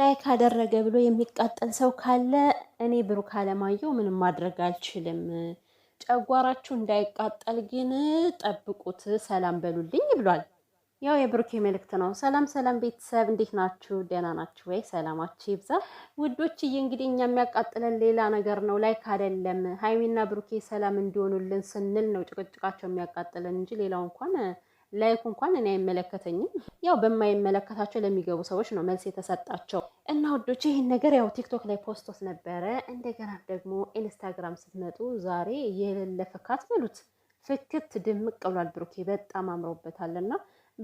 ላይ ካደረገ ብሎ የሚቃጠል ሰው ካለ እኔ ብሩክ አለማየሁ ምንም ማድረግ አልችልም። ጨጓራችሁ እንዳይቃጠል ግን ጠብቁት፣ ሰላም በሉልኝ ብሏል። ያው የብሩኬ መልእክት ነው። ሰላም ሰላም ቤተሰብ እንዴት ናችሁ? ደህና ናችሁ ወይ? ሰላማችሁ ይብዛ ውዶችዬ። እንግዲህ እኛ የሚያቃጥለን ሌላ ነገር ነው፣ ላይክ አይደለም። ሀይሚና ብሩኬ ሰላም እንዲሆኑልን ስንል ነው ጭቅጭቃቸው የሚያቃጥለን እንጂ ሌላው እንኳን ላይኩ እንኳን እኔ አይመለከተኝም። ያው በማይመለከታቸው ለሚገቡ ሰዎች ነው መልስ የተሰጣቸው እና ውዶች ይህን ነገር ያው ቲክቶክ ላይ ፖስቶት ነበረ። እንደገና ደግሞ ኢንስታግራም ስትመጡ ዛሬ የሌለ ፍካት በሉት ፍክት ድምቅ ብሏል። ብሩኬ በጣም አምሮበታል እና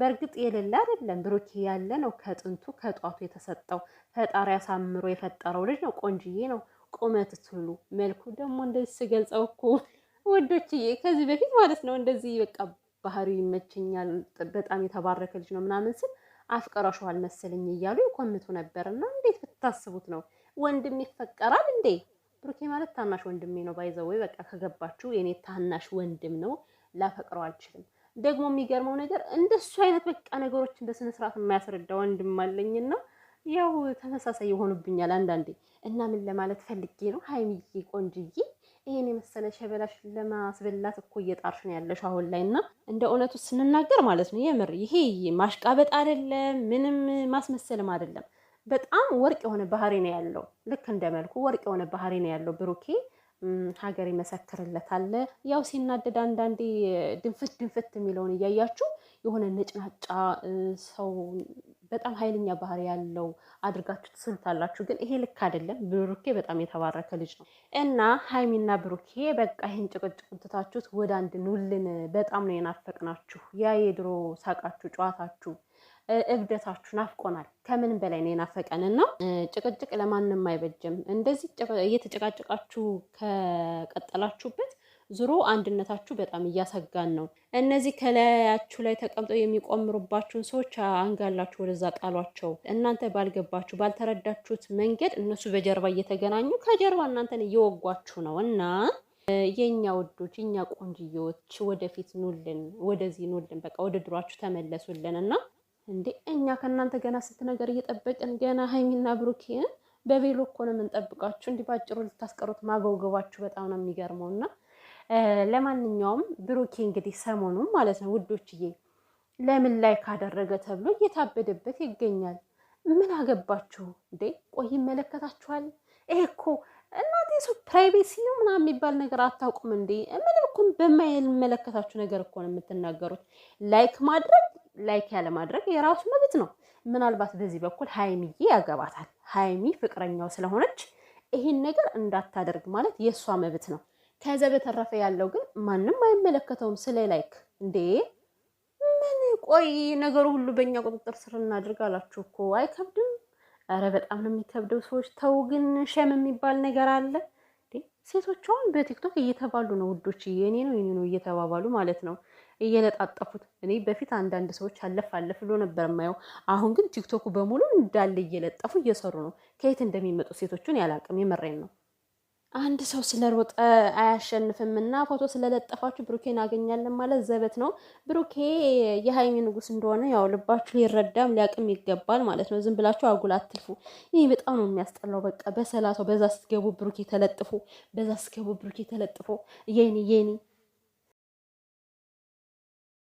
በእርግጥ የሌለ አይደለም ብሩኬ ያለ ነው። ከጥንቱ ከጧቱ የተሰጠው ፈጣሪ አሳምሮ የፈጠረው ልጅ ነው። ቆንጅዬ ነው። ቁመት ትሉ መልኩ ደግሞ እንደዚህ ስገልጸው እኮ ወዶችዬ ከዚህ በፊት ማለት ነው እንደዚህ በቃ ባህሪው ይመቸኛል፣ በጣም የተባረከ ልጅ ነው ምናምን ስል አፍቀረሸዋል መሰለኝ እያሉ ይኮምቱ ነበር። እና እንዴት ብታስቡት ነው ወንድም ይፈቀራል እንዴ? ብሩኬ ማለት ታናሽ ወንድሜ ነው። ባይዘው በቃ ከገባችሁ የኔ ታናሽ ወንድም ነው። ላፈቅረው አልችልም። ደግሞ የሚገርመው ነገር እንደሱ አይነት በቃ ነገሮችን በስነስርዓት የማያስረዳ ወንድም አለኝና ያው ተመሳሳይ የሆኑብኛል አንዳንዴ። እና ምን ለማለት ፈልጌ ነው ሀይሚዬ ቆንጅዬ ይህን የመሰለ ሸበላሽ ለማስበላት እኮ እየጣርሽ ነው ያለሽ አሁን ላይ እና እንደ እውነቱ ስንናገር ማለት ነው የምር ይሄ ማሽቃበጥ አይደለም፣ ምንም ማስመሰልም አይደለም። በጣም ወርቅ የሆነ ባህሪ ነው ያለው። ልክ እንደ መልኩ ወርቅ የሆነ ባህሪ ነው ያለው ብሩኬ ሀገር ይመሰክርለታል። ያው ሲናደድ አንዳንዴ ድንፍት ድንፍት የሚለውን እያያችሁ የሆነ ነጭናጫ ሰው በጣም ኃይለኛ ባህሪ ያለው አድርጋችሁ ትስሉታላችሁ። ግን ይሄ ልክ አይደለም። ብሩኬ በጣም የተባረከ ልጅ ነው እና ሀይሚና ብሩኬ በቃ ይህን ጭቅጭቁን ትታችሁት ወደ አንድ ኑልን። በጣም ነው የናፈቅናችሁ። ያ የድሮ ሳቃችሁ፣ ጨዋታችሁ፣ እብደታችሁ ናፍቆናል። ከምን በላይ ነው የናፈቀን እና ጭቅጭቅ ለማንም አይበጅም። እንደዚህ እየተጨቃጨቃችሁ ከቀጠላችሁበት ዙሮ አንድነታችሁ በጣም እያሰጋን ነው። እነዚህ ከላያችሁ ላይ ተቀምጠው የሚቆምሩባችሁን ሰዎች አንጋላችሁ ወደዛ ጣሏቸው። እናንተ ባልገባችሁ ባልተረዳችሁት መንገድ እነሱ በጀርባ እየተገናኙ ከጀርባ እናንተን እየወጓችሁ ነው እና የእኛ ውዶች የእኛ ቆንጅዮች ወደፊት ኑልን፣ ወደዚህ ኑልን፣ በቃ ወደ ድሯችሁ ተመለሱልን እና እንዴ እኛ ከእናንተ ገና ስንት ነገር እየጠበቅን ገና ሀይሚና ብሩኬን በቬሎ እኮ ነው የምንጠብቃችሁ። እንዲህ በአጭሩ ልታስቀሩት ማጎብጎባችሁ በጣም ነው የሚገርመው እና ለማንኛውም ብሩኬ እንግዲህ ሰሞኑን ማለት ነው ውዶችዬ ለምን ላይ ካደረገ ተብሎ እየታበደበት ይገኛል። ምን አገባችሁ እንዴ? ቆይ ይመለከታችኋል። ይሄ እኮ ሰው ፕራይቬሲ ነው ምናምን የሚባል ነገር አታውቁም እንዴ? ምንም እኮ በማይመለከታችሁ ነገር እኮ ነው የምትናገሩት። ላይክ ማድረግ ላይክ ያለ ማድረግ የራሱ መብት ነው። ምናልባት በዚህ በኩል ሀይሚዬ ያገባታል። ሀይሚ ፍቅረኛው ስለሆነች ይሄን ነገር እንዳታደርግ ማለት የእሷ መብት ነው። ከዛ በተረፈ ያለው ግን ማንም አይመለከተውም። ስለ ላይክ እንዴ ምን ቆይ፣ ነገሩ ሁሉ በእኛ ቁጥጥር ስር እናድርግ አላችሁ እኮ አይከብድም? ኧረ በጣም ነው የሚከብደው። ሰዎች ተው ግን ሸም የሚባል ነገር አለ። ሴቶች አሁን በቲክቶክ እየተባሉ ነው ውዶች፣ የኔ ነው የኔ ነው እየተባባሉ ማለት ነው እየለጣጠፉት። እኔ በፊት አንዳንድ ሰዎች አለፍ አለፍ ብሎ ነበር የማየው። አሁን ግን ቲክቶኩ በሙሉ እንዳለ እየለጠፉ እየሰሩ ነው። ከየት እንደሚመጡ ሴቶቹን ያላቅም። የመሬን ነው አንድ ሰው ስለሮጠ አያሸንፍም እና ፎቶ ስለለጠፋችሁ ብሩኬ እናገኛለን ማለት ዘበት ነው። ብሩኬ የሀይሚ ንጉስ እንደሆነ ያው ልባችሁ ሊረዳም ሊያቅም ይገባል ማለት ነው። ዝም ብላችሁ አጉል አትልፉ። ይህ በጣም ነው የሚያስጠላው። በቃ በሰላሳው በዛ ስትገቡ ብሩኬ ተለጥፎ፣ በዛ ስትገቡ ብሩኬ ተለጥፎ የኔ የኔ